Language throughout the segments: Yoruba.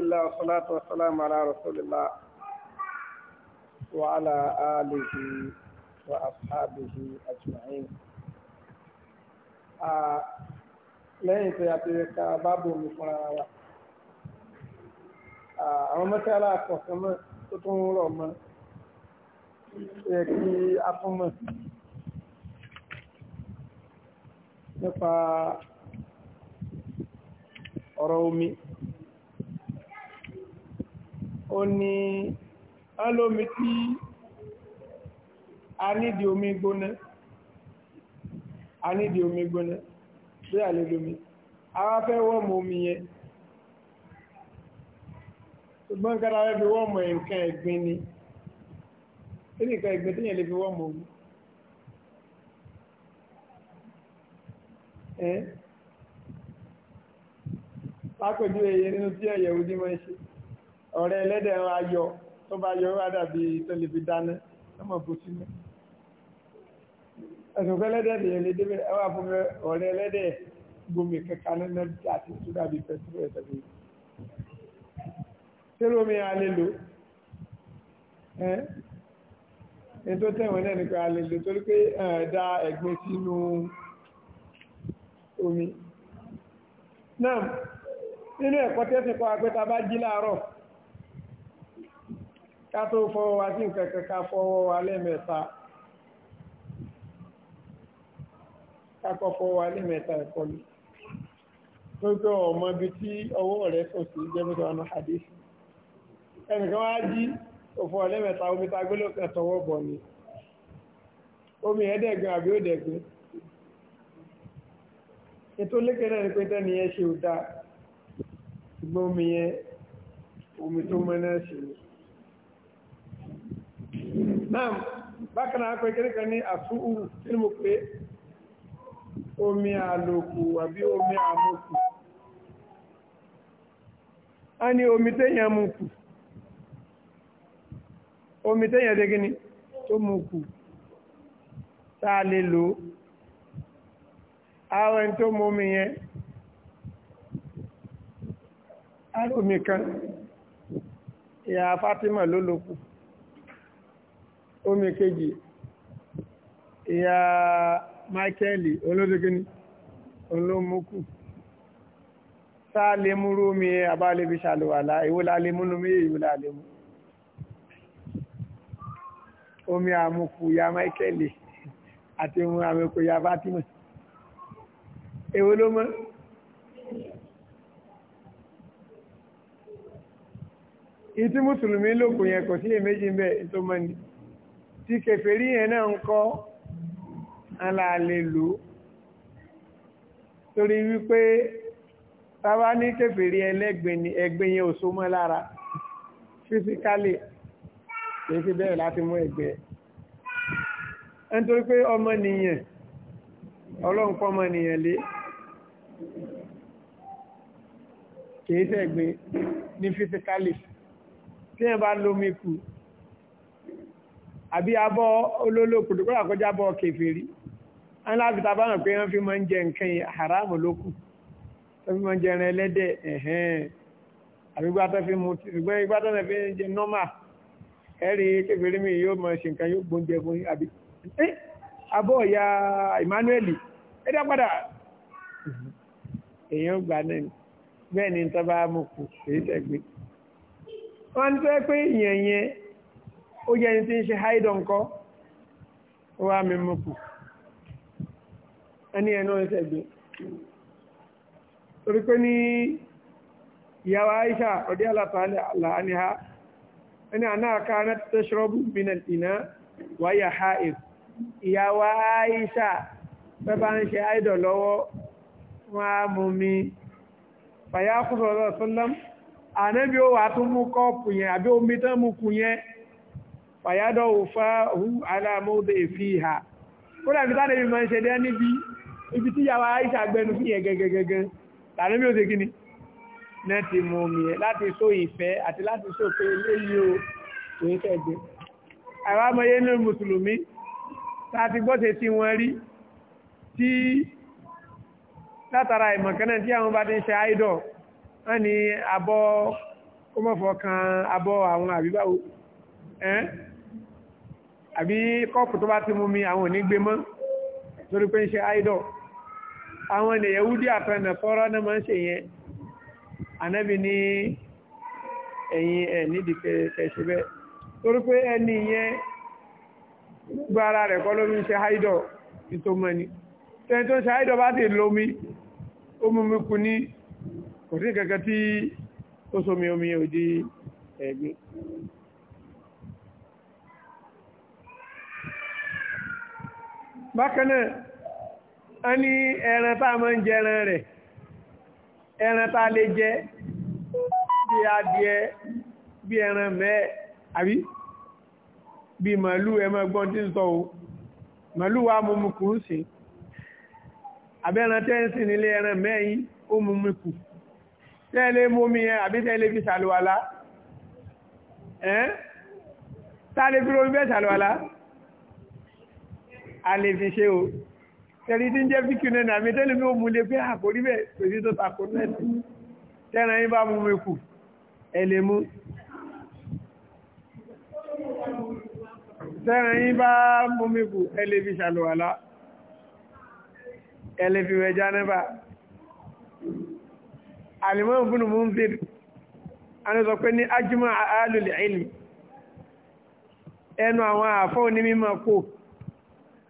الله wa salatu على رسول الله وعلى آله وأصحابه أجمعين. wa ashabihi ajma'in lẹ́yìn tó yàtọ̀ yẹ ká báàbò mi fúnra wa àwọn mẹ́tẹ́lá kọ̀ọ̀kan mọ́ tó tún rọ̀ mọ́ yẹ kí a tún mọ̀ nípa ọ̀rọ̀ omi. ó ní alómi tí a nídi omi gbóná a nídi omi gbóná bí a wá fẹ́ wọ́mù omi yẹn ṣùgbọ́n kára rẹ̀ fi wọ́mù nǹkan ẹ̀gbin ni ni tí yẹn lè fi omi ẹ́ lápẹ̀jú ẹ̀yẹ nínú tí ọ̀rẹ́ ẹlẹ́dẹ̀ wa yọ tó bá yọ wá dàbí tẹ́lẹ̀bí dáná lọ́mọ̀ bó sí mẹ́ ẹ̀sùnkọ́ ẹlẹ́dẹ̀ lè lè débẹ̀ ẹwà fún mi ọ̀rẹ́ ẹlẹ́dẹ̀ gbomi kẹka nínú àti tó dàbí pẹ̀tùrù ẹ̀sẹ̀gbẹ̀ yìí tí lómi alẹ́ lò ẹ́ ẹ̀ tó tẹ̀wọ̀n náà nípa alẹ́ lò torí pé ẹ̀ẹ́dá ẹ̀gbẹ́ sínú omi náà nínú ẹ̀kọ́ tẹ́sìn kọ́ bá jí láàárọ̀ ká tó fọwọ́ wa sí nǹkan kan ká fọwọ́ wa lẹ́mẹ̀ta ká kọ́ fọwọ́ wa lẹ́mẹ̀ta ìkọlù tó tó ọmọ ibi tí ọwọ́ rẹ̀ sọ sí jẹ́mẹ́ta ọ̀nà àdéṣì ẹnìkan wá jí òfò ọ̀lẹ́mẹ̀ta omi ta gbélòkàn tọwọ́ bọ̀ ni omi ẹ̀ẹ́dẹ̀gbìn àbí òdẹ̀gbìn ètò lékè náà ni pé tẹ́ni yẹn ṣe ò dáa ṣùgbọ́n omi yẹn omi tó mọ́ náà ṣe ni náà bákan náà pẹ́ kẹ́ríkà ní àtúhù tí mo pé omi àlòkù àbí omi àmókù a ní omi téèyàn mú kù omi téèyàn dé gíní tó mú kù tá a lè lò àwọn ẹni tó mú omi yẹn a lómi kan ìyá Fátímà ló lò omi kejì ìyá mákẹ́lì olódógíní olómokù sáà lè múrú omi àbálẹ́bí ṣàlùwàlá ìwòlá lè múnú méjì ìwòlá lè mú omi àmukù ìyá mákẹ́lì àti omi àmukù ìyá fátímà èwo ló mọ́ ìtí mùsùlùmí lòkùn yẹn kò sí èméjì ń bẹ́ẹ̀ tí kèfèrí yẹn náà ń kọ́ alàlèlò torí wípé tàbá ní kèfèrí ẹlẹ́gbẹ̀ ni ẹgbẹ́ yẹn ò so mọ́ lára físíkálì kìí sí bẹ́ẹ̀ láti mú ẹgbẹ́ nítorí pé ọmọnìyàn ọlọ́run pọ́ ọmọnìyàn lé kìí sẹ́gbẹ́ ní físíkálì tí yẹn bá lómi kù àbí abọ́ olólòkùn kó àkọjá bọ́ kèfèrí wọn láti ta báwọn pé wọ́n fi máa ń jẹ nǹkan yìí haramu lókù wọ́n fi máa ń jẹ ẹran ẹlẹ́dẹ̀ ẹ̀hẹ́n àbí gbátọ́ fi mu ṣùgbọ́n gbátọ́ náà fi ń jẹ nọ́mà ẹ̀rí kèfèrí mi yóò máa ṣe nǹkan yóò gbóúnjẹ fún yín àbí ó jẹ́ ẹni tí ń ṣe haidọ̀ ńkọ́ ó wá mi mú kù ẹni ẹ̀nà ẹsẹ̀ gbé torí pé ní ìyàwó Aisha ọdí aláàníhá ẹni àná àkáná tashrabu minal ina wáyà haid ìyàwó Aisha pẹ́bá ń ṣe haidọ̀ lọ́wọ́ wọ́n á mú mi fàyà kúrò lọ́sọ́lọ́m ànábí ó wà tún mú kọ́ọ̀pù yẹn àbí omi tán mú kù yẹn fàyádọ̀ òfà hù aláàmọ́dé fi hà kódà bí tánàbí ma ń ṣe dẹ́ níbi ibi tí yàwó Aisha gbẹnu fi yẹn gẹ́gẹ́gẹ́gẹ́ tàbí bí ó ṣe kíni náà ti mú omi ẹ̀ láti só ìfẹ́ àti láti só pé léyìí o kìí fẹ́gbẹ́ àwọn amọ̀yé ní mùsùlùmí láti gbọ́sẹ̀ abọ́ kó mọ̀fọ́ kan abọ́ àwọn àbíbáwò ẹ́ àbí kọ́ọ̀pù tó bá ti mú mi àwọn onígbé mọ́ torí pé ń ṣe idol àwọn ilẹ̀ yẹ̀wúdí àfẹ́nà fọ́rọ́ náà máa ń ṣe yẹn ànábì ní ẹ̀yìn ẹ̀ nídìí kẹ̀ṣẹ̀ bẹ́ẹ̀ torí pé ẹni yẹn gbọ́ ara rẹ̀ kọ́ lómi ń ṣe idol ìtòmọ́ ni tẹ́ni tó ń ṣe idol bá ti lómi ó mú mi kú ní kò sí kankan tí ó somi omi ò di ẹ̀gbin. bákan náà a ní ẹran tá a máa ń jẹ ẹran rẹ̀ ẹran tá a lè jẹ bí adìẹ bí ẹran mẹ́ẹ̀ àbí bí màálù ẹ máa gbọ́n tí ń sọ o màálù wa mú mu kù ń sìn àbẹ́ran tẹ́ ń sìn nílé ẹran mẹ́yìn ó mú mu kù tẹ́lẹ̀ mú mi àbí tẹ́lẹ̀ fi ṣàlùwàlá ẹ́ tálẹ̀ fi lórí bẹ́ẹ̀ ṣàlùwàlá a fi ṣe o tẹ̀lé tí ń jẹ́ fíkì nínú àmì tẹ́lẹ̀ mi ò mú lé pé àkórí bẹ́ẹ̀ kò sí tó takò nẹ́ẹ̀tì tẹ́ran yín bá mú mi kù ẹ lè mú tẹ́ran yín bá mú mi kù ẹ lè fi ṣàlùwàlá ẹ fi wẹ̀ jánábà àlìmọ́ ìbùnú mú ń bèrè àwọn sọ pé ní ajímọ̀ alùlẹ̀ ìlú ẹnu àwọn àfọ́ onímọ̀ kò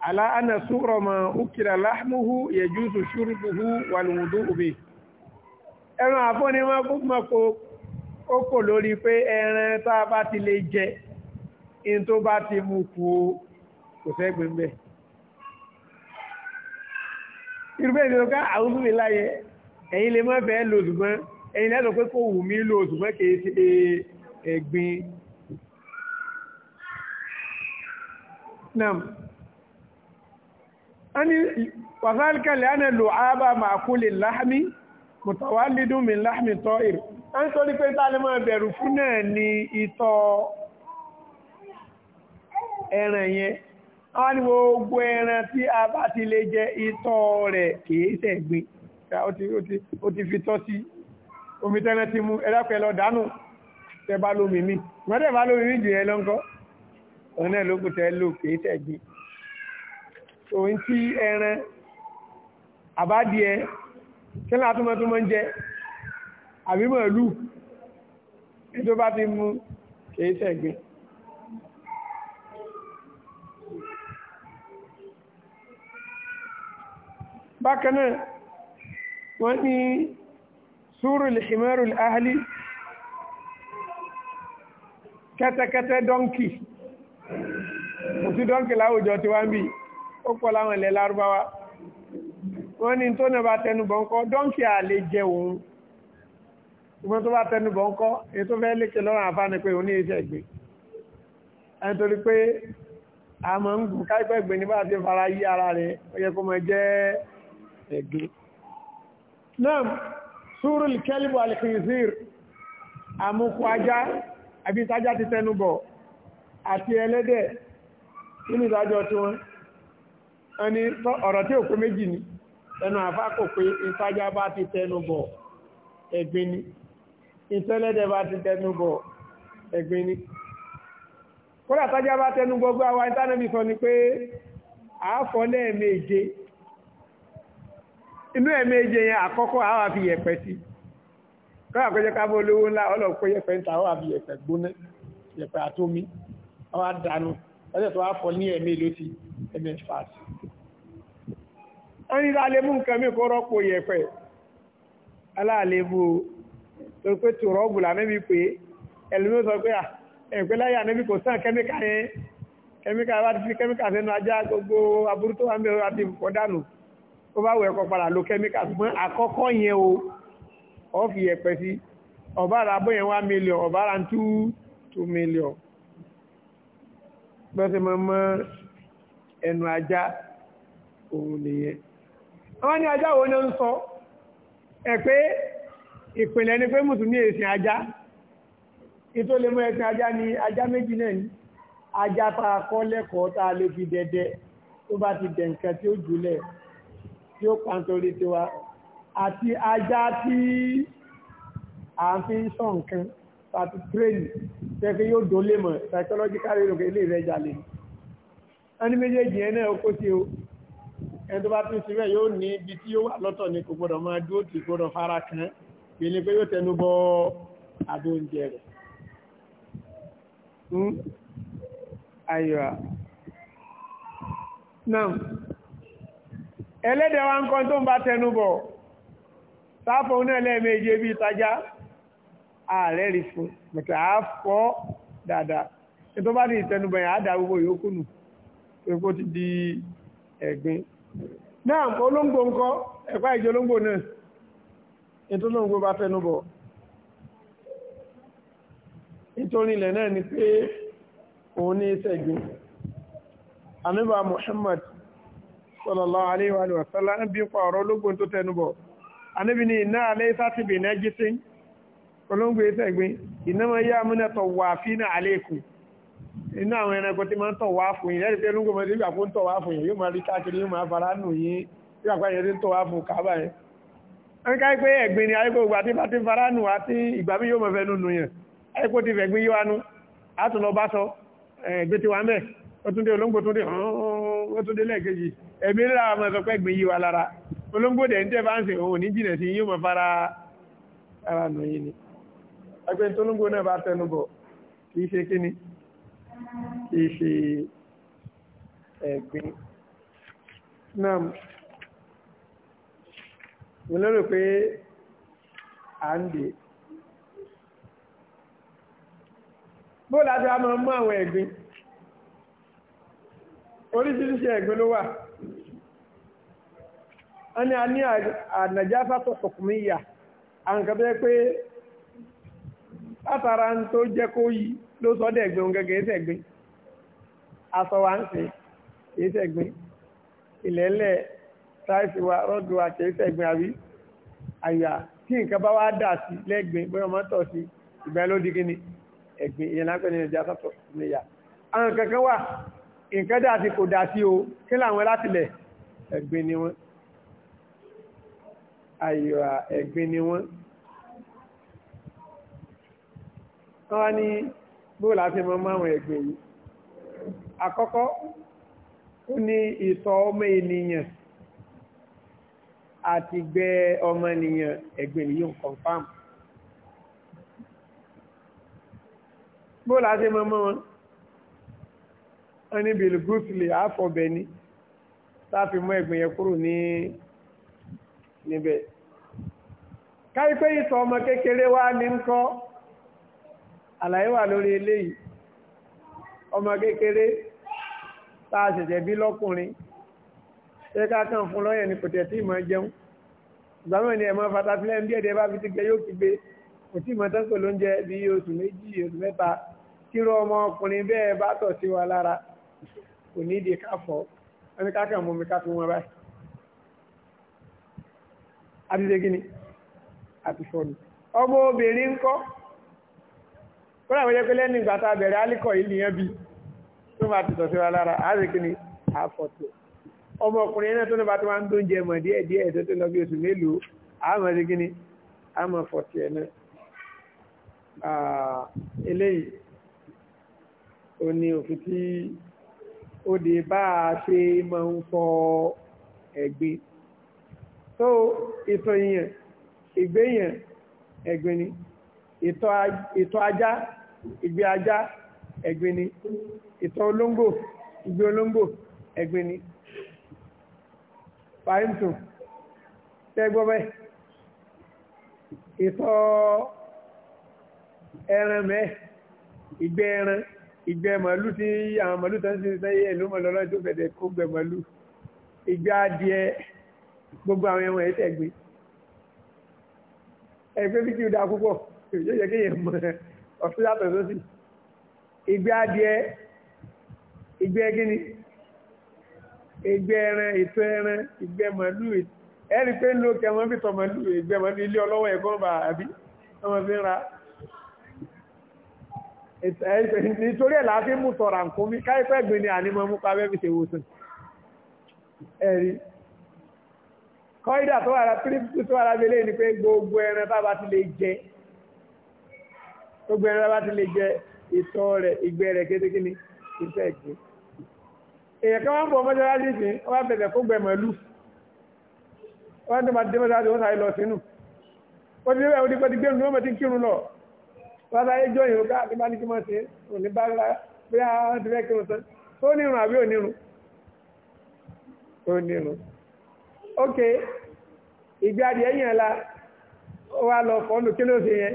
ala ana súrọ̀ ma ukira lahmuhu yajuzu shurbuhu walwudu ubi ẹran àfọ́ni wọn kó mọ̀ kó ó kò lórí pé ẹran tá a bá ti lè jẹ in tó bá ti mú kú kò sẹ́gbẹ̀ẹ́ bẹ́ẹ̀ irúgbẹ́ ìlú ká àwọn fún mi lè má fẹ́ lò ṣùgbọ́n ẹ̀yin pé kò wù mí lò kìí ṣe ẹ̀gbin ani wazalika liana lu'aba ma'kuli lahmi mutawallidu min lahmi ta'ir an so ri pé ta lè má bẹ̀rù fún náà ni ito ẹran yẹn àwọn ni gbogbo ẹran tí a bá ti lè jẹ ìtọ̀ rẹ̀ kì í ṣe gbin ó ti ó ti ó ti fi tọ́ sí omi tẹ́ran ti mu ẹ̀dá pẹ̀lú ọ̀dánù tẹ́ bá lómi mi wọ́n tẹ́ bá lómi mi jù yẹn lọ́ńkọ́ òun náà ló kù tẹ́ lò kì í ṣe gbin òun tí ẹran àbádìẹ kí ní àtúmọ̀túmọ̀ ń jẹ àbí màálù tó bá ti mú kìí sẹ̀gbìn bákan náà wọ́n ní súrù lèṣìmẹ́rù ahìlì kẹ́tẹ́kẹ́tẹ́ dọ́nkì kò dọ́nkì láwùjọ tí wá ń bìí ó pọ̀ láwọn ilẹ̀ lárúbáwá wọ́n ní tó náà bá tẹnubọ̀ ńkọ́ dọ́ǹkì à lè jẹ òun ṣùgbọ́n tó bá tẹnubọ̀ ńkọ́ èyí tó fẹ́ lékè lọ́rùn àfáàní pé òun ní iṣẹ́ ìgbé ẹni torí pé àmọ́ ń gùn káìpẹ́ ìgbé nígbà tí fara yí ara rẹ̀ ó yẹ kó mọ jẹ́ ẹ̀gbé. náà sùúrù kẹ́líbù alìkìnsír àmukù ajá àbí tájá ti tẹnubọ̀ àti ẹlẹ́dẹ̀ nínú ìdájọ́ tiwọn ẹni ọ̀rọ̀ tí òkú méjì ni ẹnu àfá kò pé ìtajà bá ti tẹnu bọ̀ ẹ̀gbin ni ìtẹ́lẹ́dẹ̀ bá ti tẹnu bọ̀ ẹ̀gbin ni kódà tájá bá tẹnu gbogbo àwa ìtànàbí sọ ni pé àáfọ́ lẹ́ẹ̀méje inú ẹ̀méje yẹn àkọ́kọ́ àwa fi yẹ̀pẹ̀ sí kọ́dà ẹgbẹ́ fàájì wọ́n ní láàlẹ́ mú nǹkan mìí kó rọ́pò yẹ̀pẹ̀ aláàlébù tó pé tó rọ́bù lànẹ́bí pé ẹlùmí sọ pé à ẹ̀pẹ́ láyé ànẹ́bí kò sàn kẹ́míkà yẹn kẹ́míkà bá ti fi kẹ́míkà sẹ́nu ajá gbogbo aburú tó wà ń bẹ̀rẹ̀ àti ìfọ̀ dànù ó bá wọ ẹ̀kọ́ padà lo kẹ́míkà ṣùgbọ́n àkọ́kọ́ yẹn o ọ́ fi yẹ̀pẹ̀ sí ọ̀bá ara bó yẹn wá mílíọ̀n ọ̀bá ara two two mílíọ̀n bẹ́sẹ̀ mọ́ mọ́ ẹnu ajá òun nìyẹn wọ́n ní ajá wo ni ó ń sọ ẹ̀ pé ni pé mùsùlùmí èsìn ajá ìtò lè mú ẹ̀sìn ajá ni ajá méjì náà ní ajá tá a kọ́ lẹ́kọ̀ọ́ tá a lè fi dẹdẹ tó bá ti dẹ̀ nǹkan tí ó jùlẹ̀ tí ó pa nítorí tiwa àti ajá tí a fi ń sọ nǹkan àti tírẹ́nì tẹ́fẹ́ yóò dólé mọ̀ psychological rẹ̀ ilé rẹ̀ jalè ni. ẹni méjèèjì ẹ náà sí o ẹni tó bá tún sí yóò ní ibi tí yóò wà lọ́tọ̀ ní kò gbọ́dọ̀ máa dúró tí gbọ́dọ̀ fara kan bí ní pé yóò tẹnu bọ àbò oúnjẹ rẹ̀ ayọ̀ hmm? wa ń kọ́ tó ń bá tẹnu bọ̀ sáfọ̀ bí èkó ti di ẹgbin náà olóńgbò ńkọ́ ẹ̀pá ìjọ olóńgbò náà ètò olóńgbò bá fẹnu bọ̀ nítorí ilẹ̀ náà ni pé òun ní ìṣẹ́gbin àníbà Muhammad sallallahu alaihi wa sallam ń bí pa ọ̀rọ̀ olóńgbò tó tẹnu bọ̀ ni iná alẹ́ náà inú àwọn ẹranko tí máa ń tọ̀ wá fún yìí lẹ́rìí pé lóńgbò mọ́tí ìgbà kó tọ̀ wá fún yìí yóò máa rí káàkiri yóò máa fara nù yín nígbà pé ẹ̀yẹ́ tí ń tọ̀ wá fún kábà yẹn. wọ́n ká pé ẹ̀gbìn ni ayé gbogbo àti bàtí fara nù àti ìgbà mi yóò mọ̀ fẹ́ nù yẹn ayé kó ti fẹ̀gbìn yóò wánú àtún lọ bá sọ ẹ̀gbìn ti wá mẹ́ ó tún dé olóńgbò tún dé ó tún dé lẹ́ẹ̀kejì ẹ̀mí rà mọ̀ sọ pé ẹ̀gbìn yìí wá lára olóńgbò dẹ̀ ń tẹ́ bá ń sè òun ní jìnà sí yóò mọ̀ ni ṣe kíni kì í náà mo lérò pé à ń dè bó láti a máa mú àwọn ẹ̀gbin oríṣiríṣi ẹ̀gbin ló wà a ní ànàjáfà tó kọ̀kùnmí yà pé látara ń tó ló sọ dẹ̀ gbé ohun gẹ́gẹ́ ẹsẹ̀ gbé aṣọ wa ń ṣe ẹsẹ̀ gbé ìlẹ́lẹ̀ táìsì wa rọ́dù wa kì í ṣẹ̀ gbé àbí àyà tí nǹkan bá wá dà sí lẹ́gbẹ̀ẹ́ bóyá ọmọ tọ̀ sí ìgbà ló di kíni ẹ̀gbìn ìyẹn lápẹ́ ní ẹja sọ́tọ̀ níyà àwọn kankan wà nǹkan dà sí kò dà sí o kí làwọn látìlẹ̀ ẹ̀gbìn ni wọ́n àyà ẹ̀gbìn ni wọ́n wọ́n ní bóò láti mọ́ máwọn ẹgbẹ́ yìí àkọ́kọ́ ó ní ìtọ̀ ọmọ ènìyàn àti gbẹ́ ọmọ ènìyàn ẹgbẹ́ yìí ń confam bóò láti mọ́ mọ́ wọn wọ́n ní bill goodley àfọ̀bẹ̀ ni táàfi mọ́ ẹgbẹ́ yẹn kúrò ní níbẹ̀ káyí pé ọmọ kékeré wá ní ń kọ́ àlàyé wà lórí eléyìí ọmọ kékeré tá ṣẹ̀ṣẹ̀ bí lọ́kùnrin ṣé ká fún lọ́yẹ̀ ni kò tẹ̀ tí ìmọ̀ jẹun ìgbàmọ̀ ni ẹ̀mọ́ fatasílẹ̀ ń bí ẹ̀dẹ̀ bá fi ti gbẹ yóò kígbe kò tí ìmọ̀ tán pè lóúnjẹ bí oṣù méjì oṣù mẹ́ta kíró ọmọ ọkùnrin bẹ́ẹ̀ bá tọ̀ sí wa lára kò ní ìdí ká ẹni ká mú mi ká fi wọn báyìí. àti ṣe kí ni àti fọ́ọ̀nù ọmọ obìnrin ń kọ́ kọ́lá wọ́n jẹ́ pé lẹ́nu ìgbà tá a bẹ̀rẹ̀ alíkọ̀ yìí nìyẹn bí tó máa ti tọ̀síwá lára àríkìní àfọ̀tò ọmọkùnrin náà tó ní bá tó máa ń dóúnjẹ mọ̀ díẹ̀ díẹ̀ tó tó lọ bí oṣù mélòó àmọ̀ríkìní àmọ̀fọ̀tì ẹ̀ náà eléyìí ó ní òfin tí ó di bá a ṣe máa ń fọ ẹ̀gbin tó ìtọ̀ yẹn ẹ̀gbin ni ìtọ̀ ajá ìgbẹ́ ajá ẹ̀gbin ni ìtọ̀ olóńgbò ìgbẹ́ olóńgbò ẹ̀gbin ni fàyíntù tẹ́gbọ́ bẹ́ẹ̀ ìtọ̀ ẹran mẹ́ ìgbẹ́ ẹran ìgbẹ́ màálù tí àwọn màálù tán sí sẹ́yẹ ẹ̀ ló mọ̀ lọ́lọ́ tó fẹ̀dẹ̀ kó gbẹ màálù ìgbẹ́ adìẹ gbogbo àwọn ẹ̀wọ̀n ẹ̀ tẹ̀gbin ẹgbẹ́ bí kí púpọ̀ yóò yẹ kéèyàn mọ̀ ẹ́ ọ̀tún yàtọ̀ sósì ìgbẹ́ adìẹ ìgbẹ́ gíní ìgbẹ́ ẹran ètò ẹran ìgbẹ́ màálù ẹ̀rí pé ní òkè ọmọ fìtọ̀ màálù ìgbẹ́ màálù ilé ọlọ́wọ́ ẹ̀gbọ́n bá àbí ọmọ fi ra nítorí ẹ̀ láti mú tọ̀rà nǹkan mi káyipẹ́ gbin ni ànímọ́ mú pa bẹ́ẹ̀ fi ṣe wòsàn ẹ̀rí kọ́ídà tó wà rà pírípítù tó wà rà ni pé gbogbo ẹran tábà ti gbogbo ẹran bá ti lè jẹ ìtọ̀ rẹ̀ ìgbẹ́ rẹ̀ kéékèèké ní iṣẹ́ ìgbé èèyàn kan wá ń bọ̀ mọ́ṣáláṣí sí wọ́n bá bẹ̀rẹ̀ fún gbẹ̀mọ̀ lù wọ́n tó máa dé mọ́ṣáláṣí wọ́n sáré lọ sínú ó ti débẹ̀ ó ti pẹ́ ti gbé nínú ọmọ tí ń kírun lọ wọ́n sáré jọ ìrún ká ní bá ní kí wọ́n ṣe òní bá ńlá bí wọ́n ti fẹ́ kírun tán tó nírun àbí onírun onírun ok ìgbé adìẹ yẹn la ó wá lọ fọ́ọ̀lù kí ló ṣe yẹn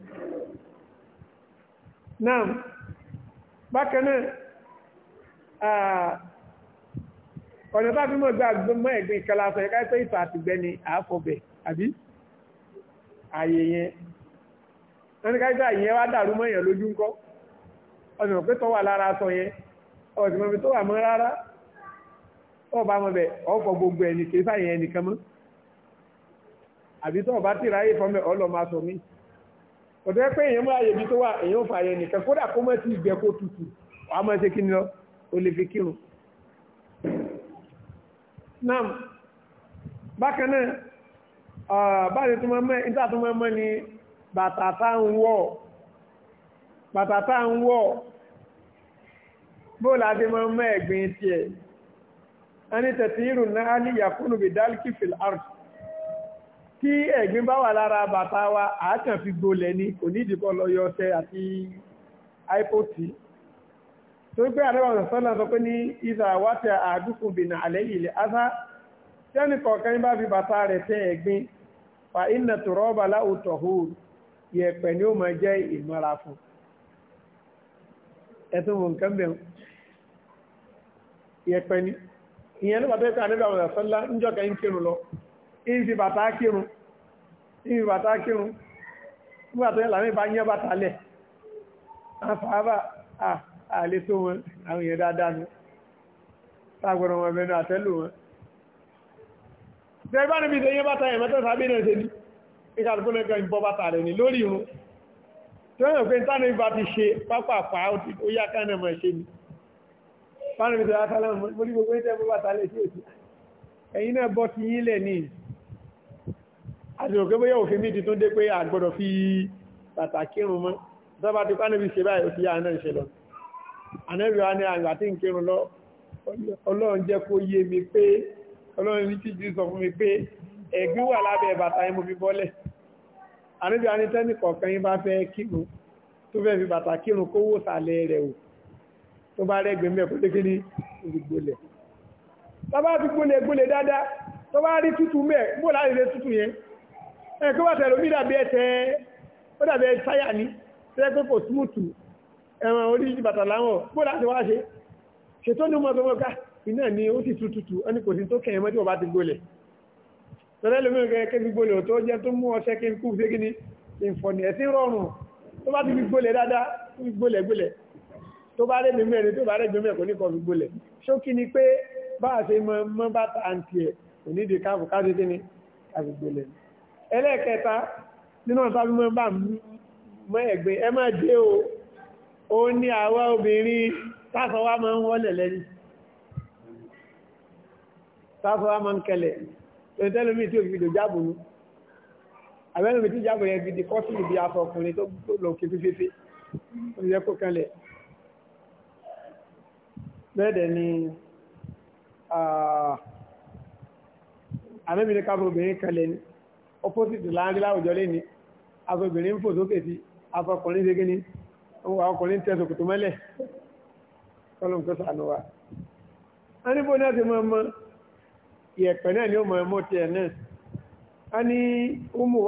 náà bákan náà ọ̀nà tá a fi mọ̀ gbà mọ́ ẹ̀gbìn ìkẹlẹ̀ aṣọ ẹ̀ka ẹ̀sẹ̀ ìtọ̀ àtìgbẹ́ ni àáfọ̀bẹ̀ àbí ààyè yẹn wọ́n ní ká gbà yẹn wá dàrú mọ́ èèyàn lójú ńkọ́ ọ̀nà pé tó wà lára aṣọ yẹn ọ̀sìn mọ́bi tó wà mọ́ rárá ọba mọ́bẹ̀ ọ̀fọ̀ gbogbo ẹ̀ ní kì í sáyẹn ẹnìkan mọ́ àbí tó ọba tìráyè fọ́mẹ́ ọlọ́mọ aṣọ míì ọ̀dọ́ pé èèyàn máa yẹ̀bi tó wà èèyàn fà yẹn nìkan kódà kó mọ́ sí ìgbẹ́ kó tutù wà á máa ṣe kí ni lọ ó lè fi kírun. nam bákan náà báyìí tó máa mọ́ níta tó máa mọ́ ni bàtà tá ń wọ̀ bàtà tá ń wọ̀ bóòlù àti máa mọ́ ẹ̀gbin tiẹ̀ ẹni tẹ̀síìrù náà á ní yàkúnù bìdálkì fìlárùsì tí ẹ̀gbin bá wà lára bàtà wa àákàn fi gbolẹ̀ ni kò ní ìdíkọ́ lọ yọ ọṣẹ àti ipoti tó gbé àrẹ́wọ̀n sọ́lá sọ pé ní ìzà wáta àdúkùnbìnà àlẹ́ ilẹ̀ azá tí ẹni kọ̀ọ̀kan bá fi bàtà rẹ̀ tẹ́ ẹ̀gbin fa iná tòrọ́bà láòtọ̀ hóòrù yẹ̀pẹ̀ ni ó máa jẹ́ ìmọ́ra fún ẹ̀tún mọ̀ nǹkan bẹ̀rù yẹ̀pẹ̀ ìyẹn ló bàtà ẹ̀kọ́ níbi bàtà kírun nígbà tó yẹn làwọn ìbá yẹn bàtà lẹ̀ àwọn sàábà àlè tó wọn àwọn èèyàn dáadáa ni tágbọ̀rọ̀ wọn mẹ́nu àtẹ́lù wọn tẹ́gbà níbi tẹ́ yẹ́ bàtà ẹ̀mẹ́tẹ́ sàbí náà ṣe ní ìkàlùkún ẹgbẹ́ ìbọ́ bàtà rẹ̀ ní lórí irun tí wọ́n pẹ́ tánà ìbá ti ṣe pápápá ó yá ní fánà àti òkè bóyá òfin mi ti tún dé pé àgbọ́dọ̀ fi bàtà kírun mọ́ sábà ti pánẹ́bí ṣe báyìí òfin yà náà ṣe lọ ànẹ́bí wa ní àgbà tí ń kírun lọ ọlọ́run jẹ́ kó yé mi pé ọlọ́run ní tíjú sọ fún mi pé ẹ̀gbín wà lábẹ́ bàtà yẹn mo fi bọ́lẹ̀ ànẹ́bí ní tẹ́nì kọ̀ọ̀kan yín bá fẹ́ kírun tó fẹ́ fi bàtà kírun kówó sàlẹ̀ rẹ̀ o tó bá rẹ́gbẹ̀ẹ́ mẹ́kọ́ lé kí ni olùgbòlẹ̀ tó bá ti gbólẹ̀ gbólẹ̀ dáadáa tó bá rí tútù mẹ́ bó láti lè tútù yẹn ẹ̀kọ́ bá tẹ̀lómi dàbí ẹ̀tẹ́ ó dàbí ẹ̀ sáyà ní tẹ́ pé kò smúùtù ẹ̀wọ̀n orí bàtà láwọn bó láti wá ṣe ṣètò ní mọ́tò mọ́ká iná ni ó sì tutù ẹni kò sí tó kẹ̀yìn mọ́tò bá ti gbólẹ̀ tọ́lẹ́ lómi kẹ́kẹ́ fi gbólẹ̀ tó jẹ́ tó mú ọṣẹ́ kí n kú sí kíní ìfọ̀nì ẹ̀sìn rọrùn tó bá ti fi gbólẹ̀ dáadáa fi gbólẹ̀ gbólẹ̀ tó bá rẹ̀ mímú ẹni tó bá rẹ̀ jọmọ ẹ̀kọ́ ní kan fi gbólẹ̀ ṣókí ni pé bá a ṣe mọ mọ́ bá ta àǹtí ẹ̀ kò ní ìdí káàbù káàbù kíní káàbù gbólẹ̀ ni ẹlẹ́ẹ̀kẹta nínú ọ̀sábímọ́ bá mọ́ ẹ̀gbẹ́ ẹ má dé o ó ní àwa obìnrin tásọwá máa ń wọ́lẹ̀ lẹ́ni tásọwá máa ń kẹlẹ̀ tẹ́lẹ̀mí tí òfin ìdòjábùnú àbẹ́lùmí tí jábọ̀ yẹn gidi kọ́sí ìbí afọ ọkùnrin tó lọ kí fífífí ó yẹ kó kẹlẹ̀ bẹ́ẹ̀dẹ̀ ni àmẹ́bìnrin káfọ́ obìnrin kẹlẹ̀ ni opposite láàrin láwùjọ lé ní afọbìnrin ń fò sókè sí afọkùnrin ṣe gíní wọ́n ọkùnrin tẹ́ sòkòtò mẹ́lẹ̀ ọlọ́run kó ṣàánú wa a ní bó náà ni ó mọ̀ ẹmọ́ tiẹ̀ náà a ní umu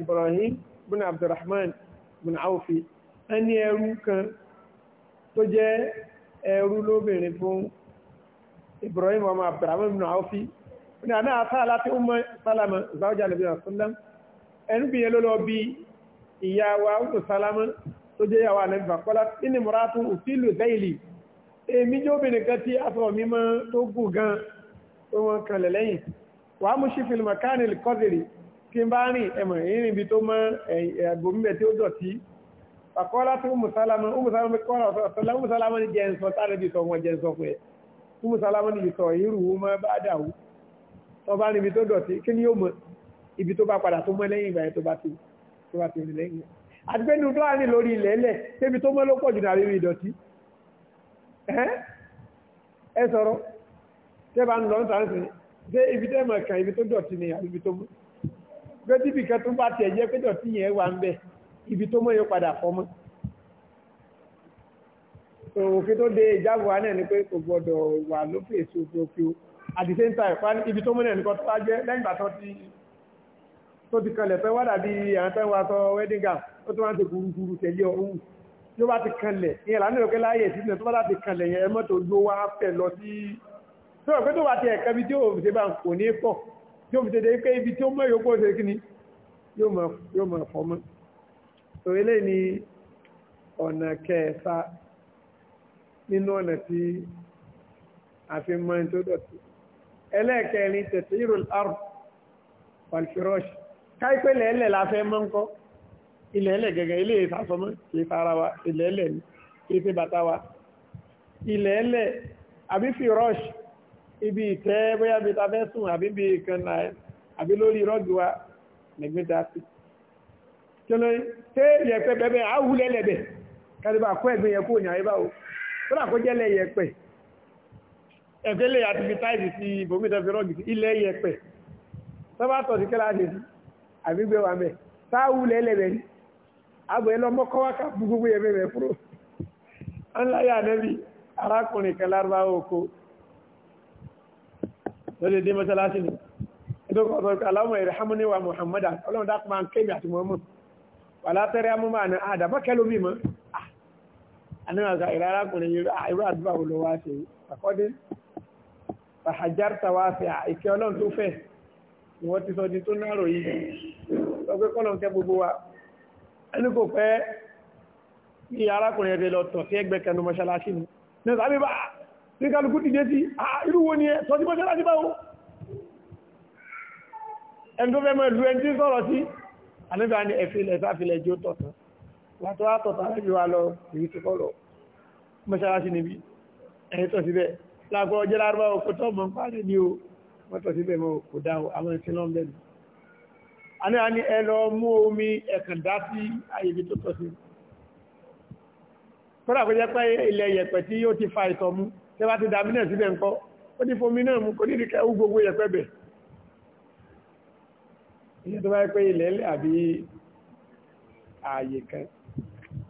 Ibrahim bin Abdurrahman bin Awfi a ní ẹrú kan tó jẹ́ ẹrú lóbìnrin fún Ibrahim ọmọ Abdurrahman bin Awfi ní àná àfáà láti Ummu Salama zawja Nabi sallam ẹnu bìyẹn ló lọ bí ìyá wa Ummu Salama tó jẹ́ ìyàwó Ànábì kọ́lá nínú muratu òfìlù dẹ́ìlì èmi jẹ́ obìnrin kan tí aṣọ mi mọ́ tó gùn gan tó wọn kanlẹ̀ lẹ́yìn wà á mú sí fìlìmọ̀ kánìl kọ́sìrì kí n bá rìn ẹ̀mọ̀ ìrìn ibi tó mọ́ ẹ̀gbòmíbẹ̀ tí ó dọ̀tí àkọ́lá tó Ummu Salama Ummu Salama kọ́lá ọ̀sọ̀tọ́lá Ummu Salama ní jẹ́ nsọ tá tó bá rí ibi tó dọ̀tí kí ni yóò mọ ibi tó bá padà tó mọ́ lẹ́yìn ìgbà yẹn tó bá ti tó bá ti rìn lẹ́yìn àti pé nínú tó wà ní lórí ilẹ̀ ẹlẹ̀ débi tó mọ́ ló pọ̀ jù ní àríwí ìdọ̀tí ẹ sọ̀rọ̀ tẹ́ ń lọ ń tà ń ibi tẹ́ mọ̀ kàn ibi tó dọ̀tí ni àbí ibi tó mọ́ pé tíbi kan tó bá tiẹ̀ jẹ́ pé dọ̀tí yẹn wà ń bẹ̀ ibi tó mọ́ yóò padà fọ́ mọ́ òfin tó de ìjáàbò wa náà ni pé kò gbọdọ̀ wà lókè èso òfin at the same time fún ibi tó múlẹ̀ nìkan tó bá jẹ́ lẹ́yìn ìgbà tó ti kanlẹ̀ fẹ́ wádà bí àwọn tẹ́ ń wa sọ wedding gown ó tún wá ń ṣe kúrúkúrú tẹ̀lé ọ̀hún tí ó bá ti kanlẹ̀ ìyẹn lànà ìrọ̀kẹ́ láàyè ìsìnkú tó bá ti kanlẹ̀ yẹn ẹmọ́ tó gbó wá fẹ̀ lọ sí tó rẹ̀ pé tó bá ti ẹ̀kẹ́ bí tí ó fi ṣe bá kò ní pọ̀ tí ó fi ṣe dé pé ibi tí ó mọ́ ìyókò ṣe kí ni yóò mọ̀ ẹ̀fọ́ mọ́ tòun eléyìí ni nínú ọ̀nà tí a fi mọ ẹni tó dọ̀tí ẹlẹ́ẹ̀kẹrin tẹ̀sí ìrò àrùn pàlfìrọ́ṣì káìpẹ́ lẹ́ẹ̀lẹ̀ la fẹ́ mọ́ ń kọ́ ilẹ̀ẹ̀lẹ̀ gẹ́gẹ́ ilé ìsásọmọ́ kìí fara wa ilẹ̀ẹ̀lẹ̀ ni kìí fi bàtà wa ilẹ̀ẹ̀lẹ̀ àbí fìrọ́ṣì ibi ìtẹ́ bóyá bí ta fẹ́ sùn àbí bí kan náà àbí lórí rọ́ọ̀gì wa lẹ́gbẹ́ta sí kí ló ń tẹ́ yẹpẹ́ bẹ́ẹ̀ bẹ́ẹ̀ àwùlẹ̀ lẹ́bẹ̀ẹ́ kárí bá kó ẹ̀gbìn yẹn kúrò ní àyíbáwò kódà kó jẹ́ lẹ́yẹ pẹ̀ ẹ̀gbẹ́ lè àti fitáìsì sí ibòmíta fi rọ́gì ilẹ̀ yẹ pẹ̀ sọ́bà tọ̀ sí kíláàsì àbígbé wa mẹ́ sáwù lẹ́lẹ̀bẹ̀ rí àbọ̀ ẹ̀ lọ́mọ́kọ́ wá gbogbo yẹ mẹ́mẹ́ fúró ńláyà nẹ́bí arákùnrin kan lárúbáwá oko lọ́dẹ̀ dé àníwà sọ ìrà arákùnrin irú àdúrà wo ló wá ṣe àkọ́dé fàhájárta wá fẹ́ ìkẹ́ ọlọ́run tó fẹ́ ni wọ́n ti sọ di tó náró yìí sọ pé kọ́lọ̀ ń kẹ́ gbogbo wa ẹni kò fẹ́ kí arákùnrin rẹ̀ lọ tọ̀ sí ẹgbẹ́ kẹnu mọ́ṣáláṣí ni ní sábẹ́ bá ní kálukú ti dé sí irú wo ni ẹ tọ́ sí mọ́ṣáláṣí báwo ẹni tó fẹ́ mọ́ ìlú ẹni tí sọ̀rọ̀ sí àníbà ni ẹ̀fẹ́ ilẹ̀ sáfilẹ̀ jó tọ̀tàn wọ́n tó wá tọ̀tà lẹ́bí wa lọ èyí tó kọ́lọ̀ mọ́ṣáláṣí níbi ẹ̀yìn tọ̀ síbẹ̀ lágbọ́ ọjẹ́ lárúbá oko tó mọ̀ ń pàdé ní o wọ́n tọ̀ síbẹ̀ mọ́ kò dá o àwọn ẹ̀sìn lọ́n bẹ̀rẹ̀ àní àní ẹ lọ mú omi ẹ̀kàn dá sí àyèbí tó tọ̀ sí kódà kó jẹ́ pé ilẹ̀ yẹ̀pẹ̀ tí yóò ti fa ìtọ̀ mú tẹ́ bá ti dàmí náà síbẹ̀ ńkọ́ ó ti fomi náà mú kò ní ìdíkẹ́ ó gbogbo yẹ̀pẹ̀ bẹ̀ ìyẹn tó bá ààyè kan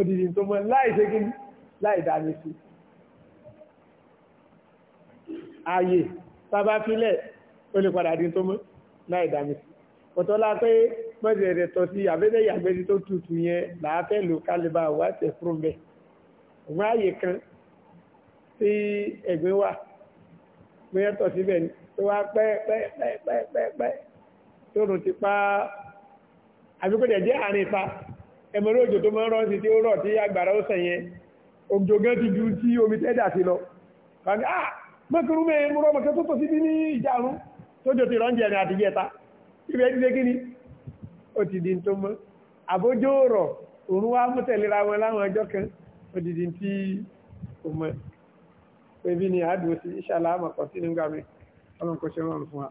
odidi tó mọ́ láì ṣe kí láì dáni sí ààyè sábà fílẹ̀ ó lè padà di tó mọ́ láì dáni sí ọ̀tọ́lá pé mọ́jẹ̀ rẹ̀ tọ́ sí àbẹ́dẹ̀ ìyàgbẹ́sí tó tutù yẹn làáfẹ́ lò kálíbà wà tẹ̀ fún bẹ́ẹ̀ ọ̀gbọ́n ààyè kan tí ẹ̀gbẹ́ wà mọ́yẹ́ tọ̀ síbẹ̀ ni tó wá pẹ́ẹ́pẹ́ẹ́pẹ́ẹ́pẹ́ tó rùn ti pa àbíkó jẹ́ àárín pa ẹmọ̀rọ̀ òjò tó mọ́rọ̀ sí tí ó rọ̀ tí agbára ó sẹ̀yẹ òjògán ti ju tí omi tẹ́dà sí lọ mọ́kúrú mẹ́ múrọ̀ mọ́kẹ́ tó tó sí bí ní ìjàrún tó jò ti rọ́njẹ́ ní àtijẹ́ta ibẹ̀ ti dé kíní ó ti di tó mọ́ àbójó rọ̀ òun wá mú tẹ̀lera wọn láwọn ọjọ́ kan ó ti di tí ó mọ́ ebi ni àádùn sí ìṣàlá àmọ̀kọ̀ sí nígbà mi ọlọ́nkọ́ ṣe rọrùn fún wa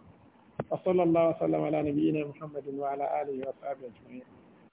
وصلى الله وسلم على نبينا محمد وعلى آله وصحبه أجمعين